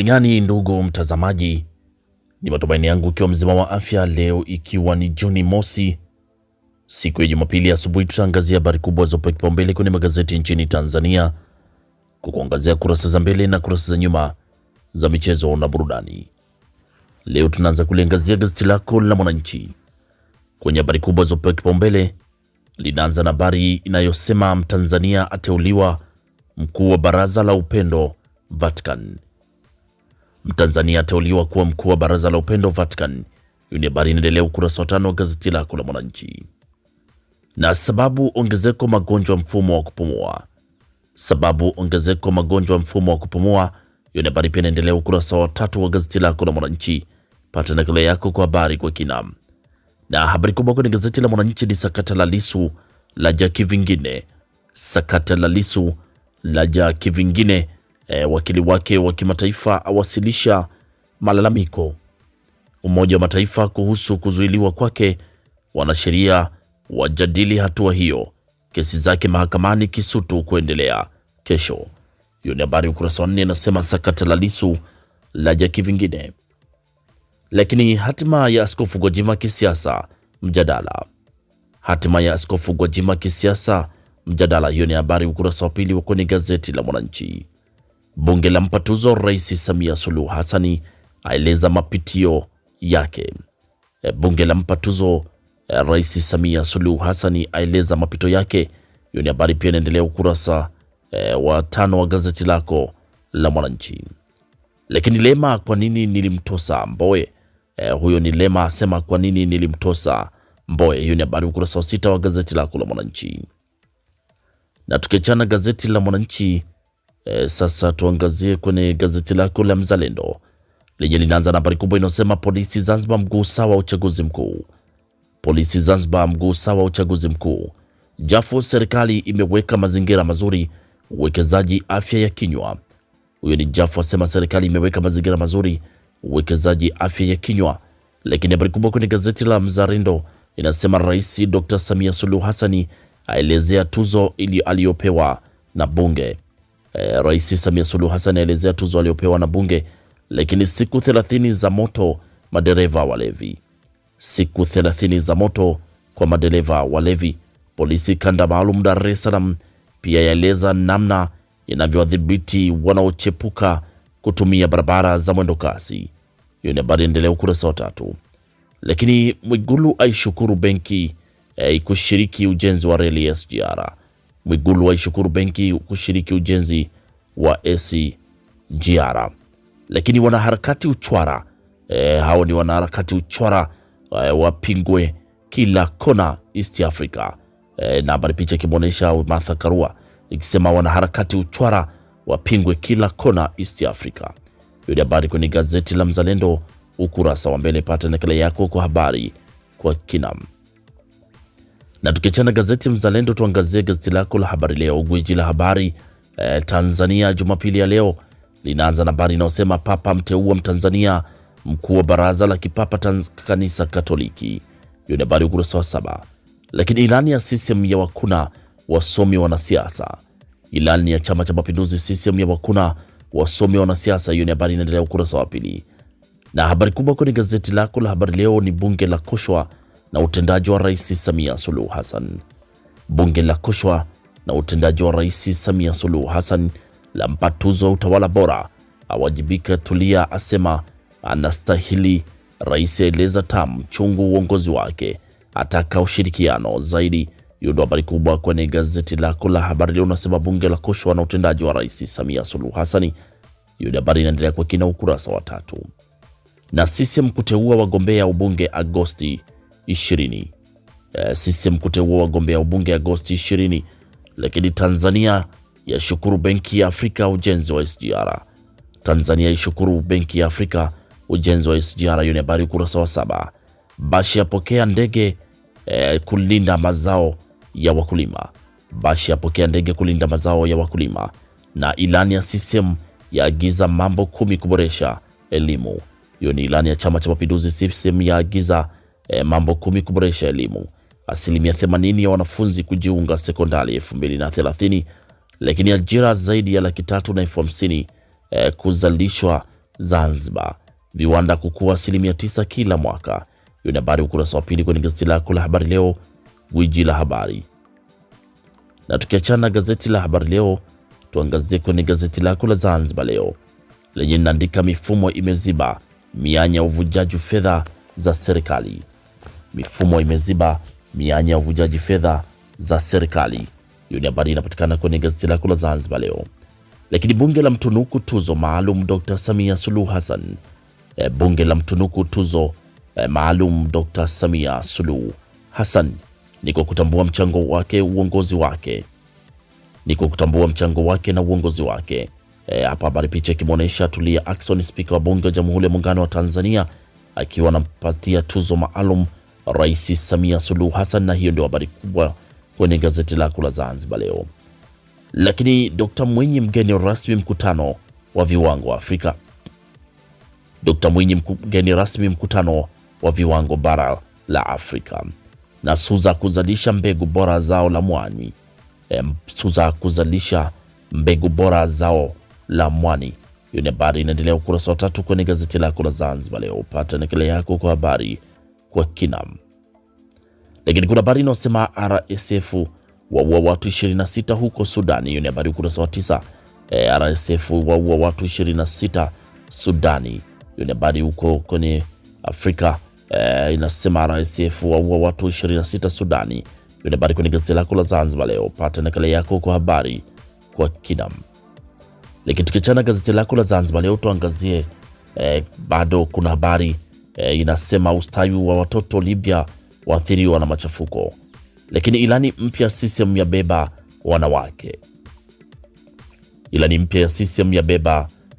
gani ndugu mtazamaji, ni matumaini yangu ukiwa mzima wa afya. Leo ikiwa ni Juni mosi, siku ya Jumapili asubuhi, tutaangazia habari kubwa zopewa kipaumbele kwenye magazeti nchini Tanzania, kwa kuangazia kurasa za mbele na kurasa za nyuma za michezo na burudani. Leo tunaanza kuliangazia gazeti lako la Mwananchi kwenye habari kubwa zopewa kipaumbele. Linaanza na habari inayosema Mtanzania ateuliwa mkuu wa baraza la upendo Vatican Mtanzania ateuliwa kuwa mkuu wa baraza la upendo Vatican. Hiyo ni habari inaendelea ukurasa wa tano wa gazeti lako la Mwananchi. Na sababu ongezeko magonjwa mfumo wa kupumua, sababu ongezeko magonjwa mfumo wa kupumua. Hiyo ni habari pia inaendelea ukurasa wa tatu wa gazeti lako la Mwananchi. Pata nakala yako kwa habari kwa kina. Na habari kubwa kwenye gazeti la Mwananchi ni sakata la Lisu la jaki vingine, sakata la Lisu la jaki vingine e, wakili wake wa kimataifa awasilisha malalamiko Umoja wa Mataifa kuhusu kuzuiliwa kwake. Wanasheria wajadili hatua hiyo, kesi zake mahakamani Kisutu kuendelea kesho. Hiyo ni habari ukurasa wa nne, inasema sakata la Lisu jaki vingine. lakini hatima ya Askofu Gwajima kisiasa mjadala. Hatima ya Askofu Gwajima kisiasa mjadala. Hiyo ni habari ukurasa wa pili wa kwenye gazeti la Mwananchi. Bunge la mpatuzo Rais Samia Suluhu Hassani, aeleza mapitio yake. E, Bunge la mpatuzo tuzo e, Rais Samia Suluhu Hassani, aeleza mapito yake. Hiyo ni habari pia inaendelea ukurasa e, wa tano wa gazeti lako la Mwananchi. Lakini Lema, kwa nini nilimtosa Mbowe? E, huyo ni Lema asema kwa nini nilimtosa Mbowe. Hiyo ni habari ukurasa wa sita wa gazeti lako la Mwananchi. Na tukiachana gazeti la Mwananchi E, sasa tuangazie kwenye gazeti lako la Mzalendo lenye linaanza na habari kubwa inayosema polisi Zanzibar mguu sawa uchaguzi mkuu. Polisi Zanzibar mguu sawa uchaguzi mkuu. Jafu, serikali imeweka mazingira mazuri uwekezaji afya ya kinywa. Huyo ni Jafu asema serikali imeweka mazingira mazuri uwekezaji afya ya kinywa. Lakini habari kubwa kwenye gazeti la Mzalendo inasema Rais Dr. Samia Suluhu Hassani aelezea tuzo aliyopewa na Bunge. Eh, Rais Samia Suluhu Hassan aelezea tuzo aliyopewa na Bunge. Lakini siku 30 za moto madereva walevi, siku thelathini za moto kwa madereva walevi. Polisi kanda maalum Dar es Salaam pia yaeleza namna inavyowadhibiti wanaochepuka kutumia barabara za mwendo kasi. Hiyo ni habari endelea ukurasa wa tatu. Lakini Mwigulu aishukuru benki eh, kushiriki ujenzi wa reli SGR. Mwigulu waishukuru benki kushiriki ujenzi wa SGR. Lakini wanaharakati uchwara e, hao ni wanaharakati uchwara e, eh, wapingwe kila kona East Africa e, na habari picha ikimwonyesha Martha Karua ikisema wanaharakati uchwara wapingwe kila kona East Africa. Hiyo ni habari kwenye gazeti la Mzalendo ukurasa wa mbele. Pata nakala yako kwa habari kwa kinam na tukiachana gazeti Mzalendo, tuangazie gazeti lako la Habari Leo, gwiji la habari eh, Tanzania Jumapili ya leo linaanza na habari inayosema Papa mteua Mtanzania mkuu wa baraza la kipapa kanisa Katoliki. Hiyo ni habari ukurasa wa saba. Lakini ilani ya CCM ya wakuna wasomi wanasiasa, ilani ya chama cha mapinduzi CCM ya wakuna wasomi wanasiasa. Hiyo ni habari inaendelea ukurasa wa pili, na habari kubwa kwenye gazeti lako la habari leo ni bunge la koshwa na utendaji wa Rais Samia Suluhu Hassan. Bunge la koshwa na utendaji wa Rais Samia Suluhu Hassan lampa tuzo utawala bora, awajibika. Tulia asema anastahili. Rais aeleza tam chungu uongozi wake, ataka ushirikiano zaidi. Hiyo ndo habari kubwa kwenye gazeti lako la habari leo, unasema bunge la koshwa na utendaji wa Rais Samia Suluhu Hassan. Hiyo ni habari inaendelea kwa kina ukurasa wa tatu. Na sisi kuteua wagombea ubunge Agosti 20. CCM kuteua wagombea ubunge Agosti 20. Lakini Tanzania yashukuru benki ya Afrika ujenzi wa SGR. Tanzania ishukuru benki ya Afrika ujenzi wa SGR. Hiyo ni habari ukurasa wa saba. Bashe apokea ndege eh, kulinda mazao ya wakulima. Bashe apokea ndege kulinda mazao ya wakulima. Na ilani ya CCM yaagiza mambo kumi kuboresha elimu. Hiyo ni ilani ya Chama cha Mapinduzi, CCM yaagiza e, mambo kumi kuboresha elimu, asilimia 80 ya wanafunzi kujiunga sekondari 2030, lakini ajira zaidi ya laki tatu na elfu hamsini e, kuzalishwa Zanzibar, viwanda kukua asilimia 9 kila mwaka. Hiyo ni habari ukurasa wa pili kwenye gazeti lako la habari leo, gwiji la habari. Na tukiachana gazeti la habari leo, tuangazie kwenye gazeti lako la Zanzibar leo lenye linaandika mifumo imeziba mianya uvujaji fedha za serikali mifumo imeziba mianya ya uvujaji fedha za serikali. Hiyo ni habari inapatikana kwenye gazeti lako la Zanzibar Leo. Lakini bunge la mtunuku tuzo maalum Dr. Samia Suluhu Hassan. E, bunge la mtunuku tuzo e, maalum Dr. Samia Suluhu Hassan ni kwa kutambua mchango wake uongozi wake ni kwa kutambua mchango wake na uongozi wake. Eh, hapa habari picha ikimwonyesha Tulia Ackson, spika wa bunge wa Jamhuri ya Muungano wa Tanzania, akiwa anampatia tuzo maalum Rais Samia Suluhu Hassan, na hiyo ndio habari kubwa kwenye gazeti lako la Zanzibar leo. Lakini Dr. Mwinyi mgeni rasmi mkutano wa viwango wa Afrika. Dr. Mwinyi mgeni rasmi mkutano wa viwango bara la Afrika. Na SUZA kuzalisha mbegu bora zao la mwani. E, SUZA kuzalisha mbegu bora zao la mwani. Hiyo ni habari inaendelea ukurasa wa tatu kwenye gazeti lako la Zanzibar leo. Pata nakala yako kwa habari kwa kina. Lakini kuna habari inayosema RSF waua watu 26 huko Sudani. Hiyo ni habari ukurasa wa tisa. E, RSF waua watu 26 Sudani. Hiyo ni habari huko kwenye Afrika e, inasema RSF waua watu 26 Sudani. Hiyo ni habari kwenye gazeti lako la Zanzibar Leo, pata nakala yako kwa habari kwa kina. Lakini tukichana gazeti lako la Zanzibar Leo tuangazie e, bado kuna habari e, inasema ustawi wa watoto Libya waathiriwa na machafuko, lakini ilani mpya CCM beba wanawake. Ilani mpya ya CCM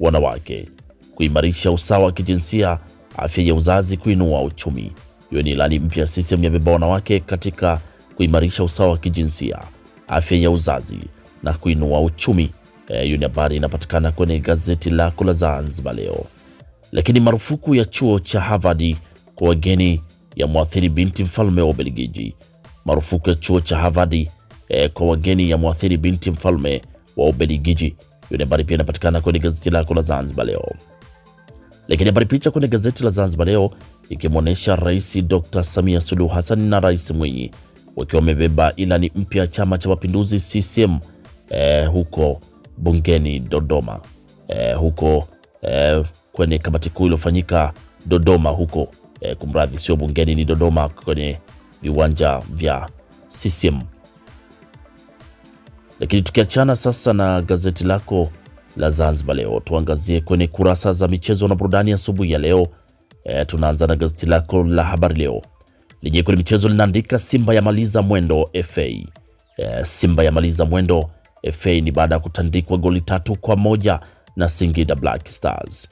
wanawake, kuimarisha usawa wa kijinsia, afya ya uzazi, kuinua uchumi. Hiyo ni ilani mpya ya CCM beba wanawake katika kuimarisha usawa wa kijinsia, afya ya uzazi na kuinua uchumi. Eh, hiyo e, ni habari inapatikana kwenye gazeti lako la Zanzibar Leo. Lakini marufuku ya chuo cha Harvard kwa wageni ya mwathiri binti mfalme wa Ubelgiji. Marufuku ya chuo cha Harvard eh, kwa wageni ya mwathiri binti mfalme wa Ubelgiji. Hiyo habari pia inapatikana kwenye gazeti lako la Zanzibar Leo. Lakini habari picha kwenye gazeti la Zanzibar Leo ikimwonyesha Rais Dr. Samia Suluhu Hassan na Rais Mwinyi wakiwa wamebeba ilani mpya ya Chama cha Mapinduzi CCM eh, huko bungeni Dodoma eh, huko eh, kwenye kamati kuu iliyofanyika Dodoma huko e, kumradhi, sio bungeni, ni Dodoma kwenye viwanja vya CCM. Lakini tukiachana sasa na gazeti lako la Zanzibar Leo, tuangazie kwenye kurasa za michezo na burudani asubuhi ya leo. E, tunaanza na gazeti lako la Habari Leo lenye kwenye michezo linaandika Simba ya maliza mwendo FA. E, eh, Simba maliza mwendo FA ni baada ya kutandikwa goli tatu kwa moja na Singida Black Stars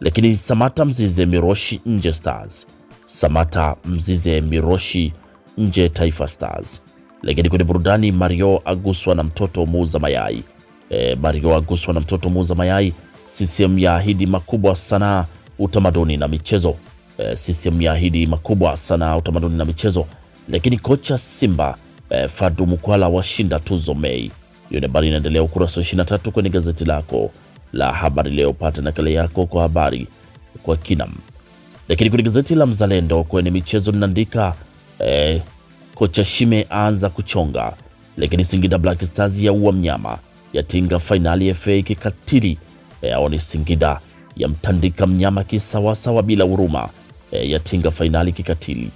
lakini Samata Mzize Miroshi nje Stars, Samata Mzize Miroshi nje Taifa Stars. Lakini kwenye burudani Mario aguswa na mtoto muuza mayai e, Mario aguswa na mtoto muuza mayai. CCM yaahidi makubwa sanaa, utamaduni na michezo e, CCM yaahidi makubwa sanaa, utamaduni na michezo. Lakini kocha Simba e, Fadu Mukwala washinda tuzo Mei. Hiyo ni habari inaendelea ukurasa wa 23 kwenye gazeti lako la Habari Leo. Pata nakala yako kwa habari kwa kina. Lakini kwenye gazeti la Mzalendo kwenye michezo linaandika eh, kocha Shime aanza kuchonga, lakini Singida Black Stars ya ua mnyama yatinga fainali FA kikatili e, aone Singida yamtandika mnyama kisawasawa bila huruma eh, yatinga fainali kikatili.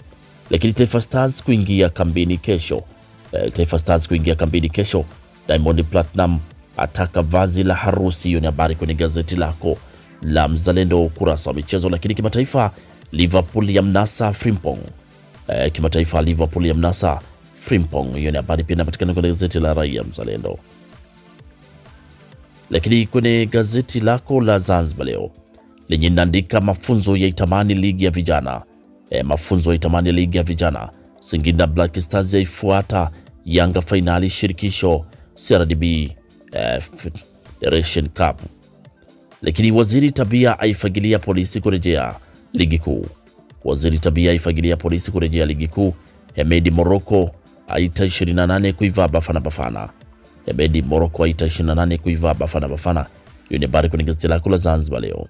Lakini Taifa Stars kuingia kambini kesho e, Taifa Stars kuingia kambini kesho. Diamond Platinum ataka vazi la harusi. Hiyo ni habari kwenye gazeti lako la Mzalendo ukurasa wa michezo. Lakini kimataifa, Liverpool ya mnasa Frimpong. E, kimataifa Liverpool ya mnasa Frimpong. Hiyo ni habari pia inapatikana kwenye gazeti la Raia Mzalendo. Lakini kwenye gazeti lako la Zanzibar Leo lenye inaandika mafunzo ya itamani ligi ya vijana e, mafunzo ya itamani ya ligi ya vijana. Singida Black Stars yaifuata Yanga fainali shirikisho. CRDB Eh, Federation Cup. Lakini waziri Tabia aifagilia polisi kurejea ligi kuu. Waziri Tabia aifagilia polisi kurejea ligi kuu. Hemedi Moroko aita 28 kuivaa Bafana Bafana. Hemedi Moroko aita 28 kuivaa Bafana Bafana. Hiyo ni habari kwenye gazeti lako la Zanzibar leo.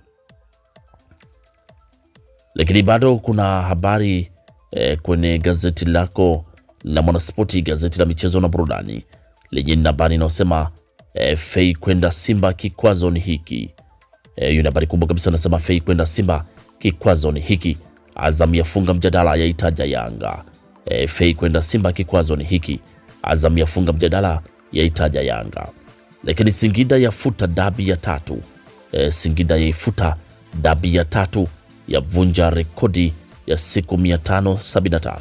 Lakini bado kuna habari eh, kwenye gazeti lako la Mwanaspoti, gazeti la michezo na burudani lenye habari inayosema e, Fei kwenda Simba kikwazo ni hiki. E, hiyo ni habari kubwa kabisa, anasema Fei kwenda Simba kikwazo ni hiki. Azam yafunga mjadala yaitaja Yanga. E, Fei kwenda Simba kikwazo ni hiki. Azam yafunga mjadala yaitaja Yanga. Lakini Singida yafuta dabi ya tatu. E, Singida yaifuta dabi ya tatu yavunja rekodi ya siku 573.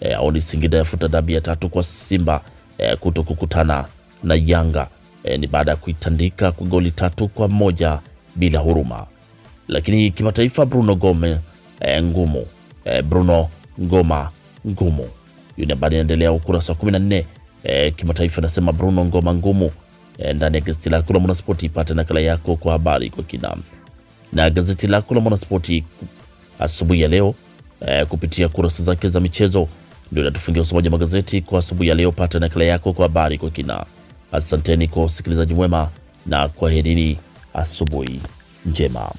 E, aoni Singida yafuta dabi ya tatu kwa Simba e, kutokukutana na Yanga e, ni baada ya kuitandika kwa goli tatu kwa moja bila huruma. Lakini kimataifa Bruno Gome e, ngumu e, Bruno Ngoma ngumu. Hiyo ni habari inaendelea ukurasa wa 14. E, kimataifa nasema Bruno Ngoma ngumu e, ndani ya gazeti lako la Mwanaspoti. Ipate nakala yako kwa habari kwa kina na gazeti lako la Mwanaspoti asubuhi ya leo e, kupitia kurasa zake za michezo ndio natufungia usomaji wa magazeti kwa asubuhi ya leo. Pata nakala yako kwa habari kwa kina. Asanteni kwa usikilizaji mwema na kwaherini, asubuhi njema.